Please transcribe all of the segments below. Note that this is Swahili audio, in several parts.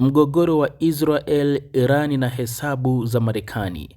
Mgogoro wa Israel, Irani na hesabu za Marekani.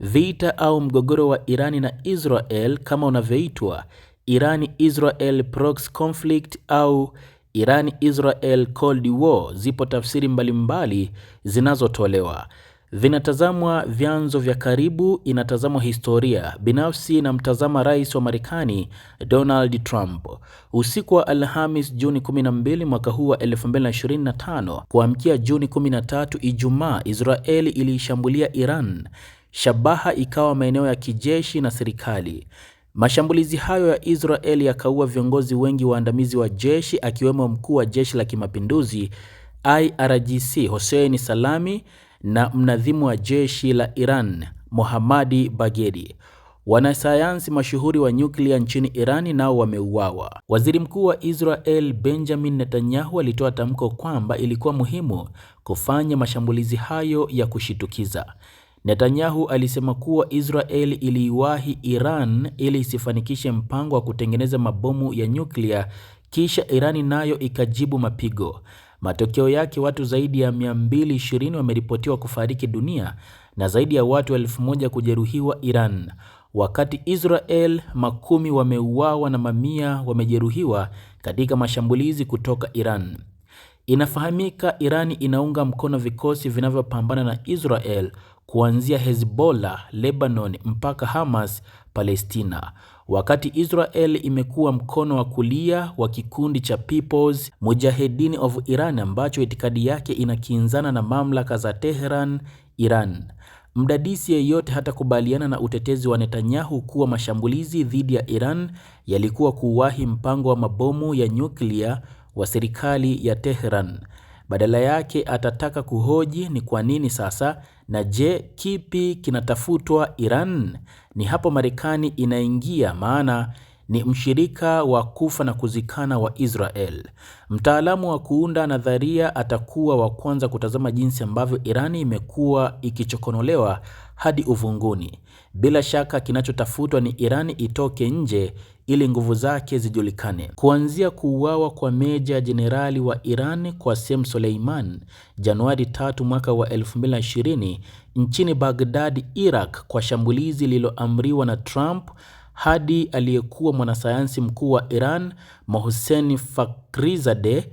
Vita au mgogoro wa Irani na Israel kama unavyoitwa Iran Israel Proxy Conflict au Iran Israel Cold War, zipo tafsiri mbalimbali zinazotolewa vinatazamwa vyanzo vya karibu, inatazamwa historia binafsi na mtazama rais wa Marekani Donald Trump. Usiku wa Alhamis Juni 12 mwaka huu wa 2025 kuamkia Juni 13, Ijumaa, Israeli iliishambulia Iran. Shabaha ikawa maeneo ya kijeshi na serikali. Mashambulizi hayo ya Israeli yakaua viongozi wengi waandamizi wa jeshi akiwemo mkuu wa jeshi la kimapinduzi IRGC Hosseini Salami na mnadhimu wa jeshi la Iran Mohammadi bagedi Wanasayansi mashuhuri wa nyuklia nchini Irani nao wameuawa. Waziri Mkuu wa Israel Benjamin Netanyahu alitoa tamko kwamba ilikuwa muhimu kufanya mashambulizi hayo ya kushitukiza. Netanyahu alisema kuwa Israel iliiwahi Iran ili isifanikishe mpango wa kutengeneza mabomu ya nyuklia kisha Irani nayo ikajibu mapigo. Matokeo yake watu zaidi ya 220 wameripotiwa kufariki dunia na zaidi ya watu 1000 kujeruhiwa Iran, wakati Israel makumi wameuawa na mamia wamejeruhiwa katika mashambulizi kutoka Iran. Inafahamika Irani inaunga mkono vikosi vinavyopambana na Israel kuanzia Hezbollah Lebanon mpaka Hamas Palestina. Wakati Israel imekuwa mkono wa kulia wa kikundi cha People's Mujahedin of Iran ambacho itikadi yake inakinzana na mamlaka za Tehran, Iran. Mdadisi yeyote hatakubaliana na utetezi wa Netanyahu kuwa mashambulizi dhidi ya Iran yalikuwa kuwahi mpango wa mabomu ya nyuklia wa serikali ya Tehran. Badala yake atataka kuhoji ni kwa nini sasa na je, kipi kinatafutwa Iran? Ni hapo Marekani inaingia, maana ni mshirika wa kufa na kuzikana wa Israel. Mtaalamu wa kuunda nadharia atakuwa wa kwanza kutazama jinsi ambavyo Irani imekuwa ikichokonolewa hadi uvunguni. Bila shaka kinachotafutwa ni Irani itoke nje ili nguvu zake zijulikane. Kuanzia kuuawa kwa meja jenerali wa Iran Qasem Soleiman Januari 3 mwaka wa 2020 nchini Baghdad, Iraq, kwa shambulizi lililoamriwa na Trump hadi aliyekuwa mwanasayansi mkuu wa Iran Mohsen Fakhrizadeh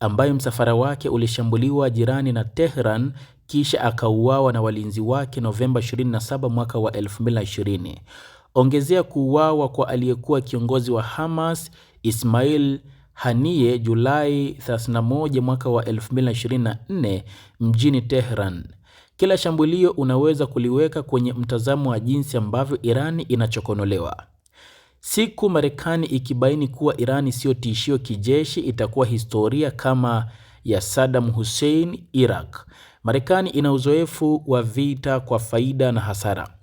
ambaye msafara wake ulishambuliwa jirani na Tehran kisha akauawa na walinzi wake Novemba 27 mwaka wa 2020 ongezea kuuawa kwa aliyekuwa kiongozi wa Hamas Ismail Haniye Julai 31 mwaka wa 2024 mjini Tehran. Kila shambulio unaweza kuliweka kwenye mtazamo wa jinsi ambavyo Irani inachokonolewa. Siku Marekani ikibaini kuwa Irani sio tishio kijeshi, itakuwa historia kama ya Saddam Hussein Iraq. Marekani ina uzoefu wa vita kwa faida na hasara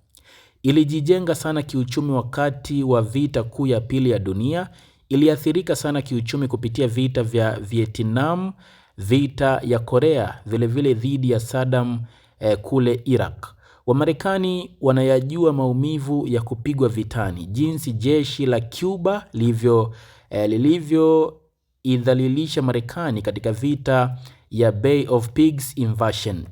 ilijijenga sana kiuchumi wakati wa Vita Kuu ya Pili ya Dunia. Iliathirika sana kiuchumi kupitia vita vya Vietnam, vita ya Korea, vilevile dhidi ya Saddam eh, kule Iraq. Wamarekani wanayajua maumivu ya kupigwa vitani, jinsi jeshi la Cuba lilivyo eh, lilivyoidhalilisha Marekani katika vita ya Bay of Pigs invasion.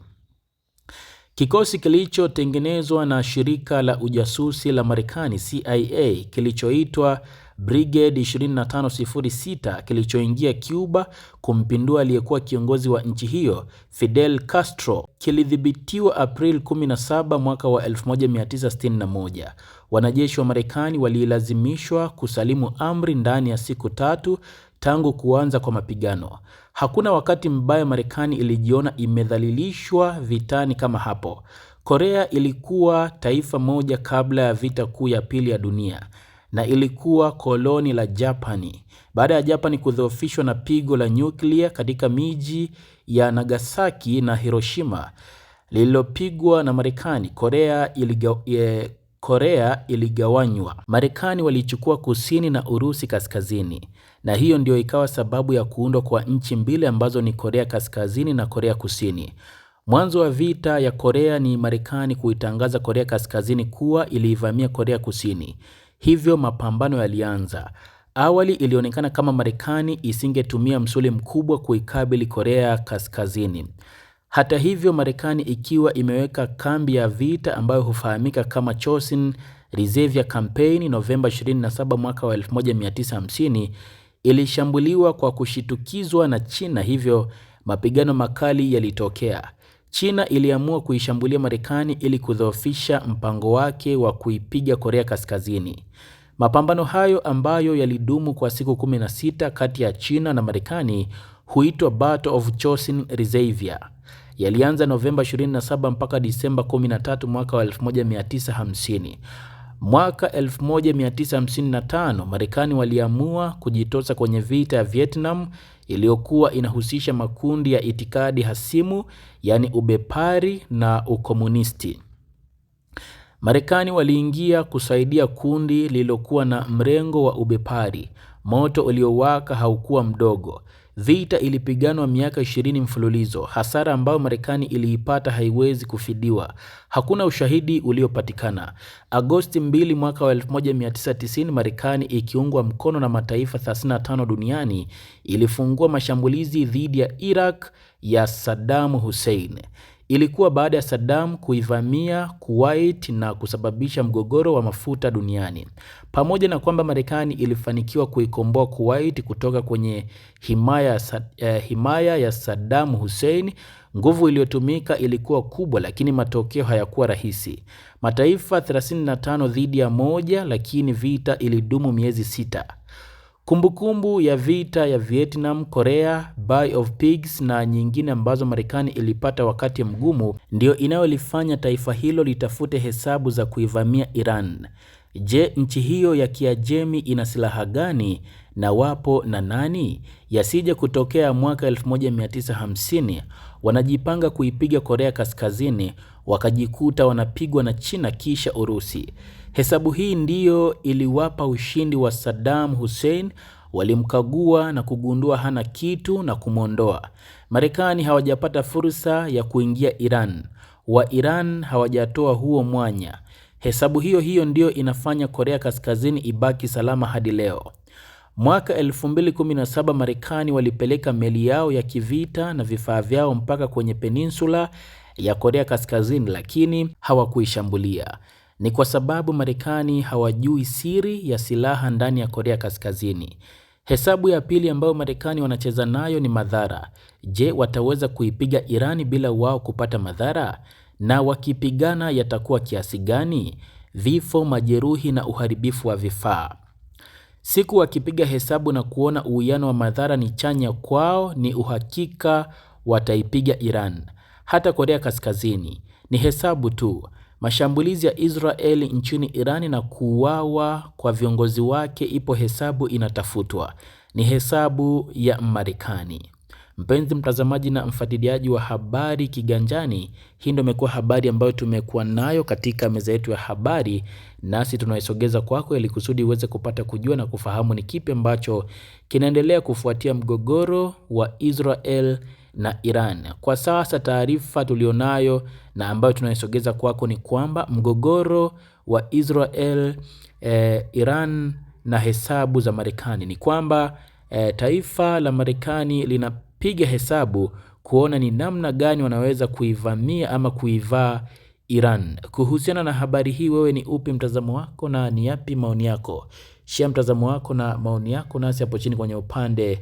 Kikosi kilichotengenezwa na shirika la ujasusi la Marekani CIA kilichoitwa Brigade 2506 kilichoingia Cuba kumpindua aliyekuwa kiongozi wa nchi hiyo Fidel Castro kilidhibitiwa April 17 mwaka wa 1961. Wanajeshi wa Marekani walilazimishwa kusalimu amri ndani ya siku tatu tangu kuanza kwa mapigano. Hakuna wakati mbaya Marekani ilijiona imedhalilishwa vitani kama hapo. Korea ilikuwa taifa moja kabla ya vita kuu ya pili ya dunia na ilikuwa koloni la Japani. Baada ya Japani kudhoofishwa na pigo la nyuklia katika miji ya Nagasaki na Hiroshima lililopigwa na Marekani, Korea e, Korea iligawanywa. Marekani walichukua kusini na Urusi kaskazini, na hiyo ndio ikawa sababu ya kuundwa kwa nchi mbili ambazo ni Korea kaskazini na Korea kusini. Mwanzo wa vita ya Korea ni Marekani kuitangaza Korea kaskazini kuwa iliivamia Korea kusini, hivyo mapambano yalianza. Awali ilionekana kama Marekani isingetumia msuli mkubwa kuikabili Korea kaskazini. Hata hivyo, Marekani ikiwa imeweka kambi ya vita ambayo hufahamika kama Chosin Reserve Campaign Novemba 27 mwaka wa 1950 ilishambuliwa kwa kushitukizwa na China, hivyo mapigano makali yalitokea. China iliamua kuishambulia Marekani ili kudhoofisha mpango wake wa kuipiga Korea Kaskazini. Mapambano hayo ambayo yalidumu kwa siku 16 kati ya China na Marekani huitwa Battle of Chosin Reserve yalianza Novemba 27 mpaka Disemba 13 mwaka wa 1950. Mwaka 1955 Marekani waliamua kujitosa kwenye vita ya Vietnam iliyokuwa inahusisha makundi ya itikadi hasimu, yaani ubepari na ukomunisti. Marekani waliingia kusaidia kundi lililokuwa na mrengo wa ubepari. Moto uliowaka haukuwa mdogo. Vita ilipiganwa miaka 20 mfululizo. Hasara ambayo Marekani iliipata haiwezi kufidiwa. Hakuna ushahidi uliopatikana. Agosti 2 mwaka 1990, Marekani ikiungwa mkono na mataifa 35 duniani ilifungua mashambulizi dhidi ya Iraq ya Saddam Hussein. Ilikuwa baada ya Saddam kuivamia Kuwait na kusababisha mgogoro wa mafuta duniani. Pamoja na kwamba Marekani ilifanikiwa kuikomboa Kuwait kutoka kwenye himaya, eh, himaya ya Saddam Hussein, nguvu iliyotumika ilikuwa kubwa, lakini matokeo hayakuwa rahisi. Mataifa 35 dhidi ya moja, lakini vita ilidumu miezi sita. Kumbukumbu ya vita ya Vietnam, Korea, Bay of Pigs na nyingine ambazo Marekani ilipata wakati mgumu ndiyo inayolifanya taifa hilo litafute hesabu za kuivamia Iran. Je, nchi hiyo ya Kiajemi ina silaha gani na wapo na nani? Yasije kutokea mwaka 1950 wanajipanga kuipiga Korea Kaskazini wakajikuta wanapigwa na China kisha Urusi. Hesabu hii ndiyo iliwapa ushindi wa Saddam Hussein. Walimkagua na kugundua hana kitu na kumwondoa. Marekani hawajapata fursa ya kuingia Iran, wa Iran hawajatoa huo mwanya. Hesabu hiyo hiyo ndiyo inafanya Korea Kaskazini ibaki salama hadi leo. Mwaka 2017 Marekani walipeleka meli yao ya kivita na vifaa vyao mpaka kwenye peninsula ya Korea Kaskazini, lakini hawakuishambulia ni kwa sababu Marekani hawajui siri ya silaha ndani ya Korea Kaskazini. Hesabu ya pili ambayo Marekani wanacheza nayo ni madhara. Je, wataweza kuipiga Irani bila wao kupata madhara? Na wakipigana yatakuwa kiasi gani? Vifo, majeruhi na uharibifu wa vifaa. Siku wakipiga hesabu na kuona uwiano wa madhara ni chanya kwao, ni uhakika wataipiga Iran. Hata Korea Kaskazini ni hesabu tu. Mashambulizi ya Israeli nchini Irani na kuuawa kwa viongozi wake ipo hesabu inatafutwa. Ni hesabu ya Marekani. Mpenzi mtazamaji na mfuatiliaji wa habari Kiganjani, hii ndio imekuwa habari ambayo tumekuwa nayo katika meza yetu ya habari, nasi tunaisogeza kwako ili kusudi uweze kupata kujua na kufahamu ni kipi ambacho kinaendelea kufuatia mgogoro wa Israel na Iran. Kwa sasa taarifa tulionayo na ambayo tunaisogeza kwako ni kwamba mgogoro wa Israel eh, Iran na hesabu za Marekani ni kwamba eh, taifa la Marekani linapiga hesabu kuona ni namna gani wanaweza kuivamia ama kuivaa Iran. Kuhusiana na habari hii, wewe ni upi mtazamo wako na ni yapi maoni yako? Shia mtazamo wako na maoni yako nasi hapo chini kwenye upande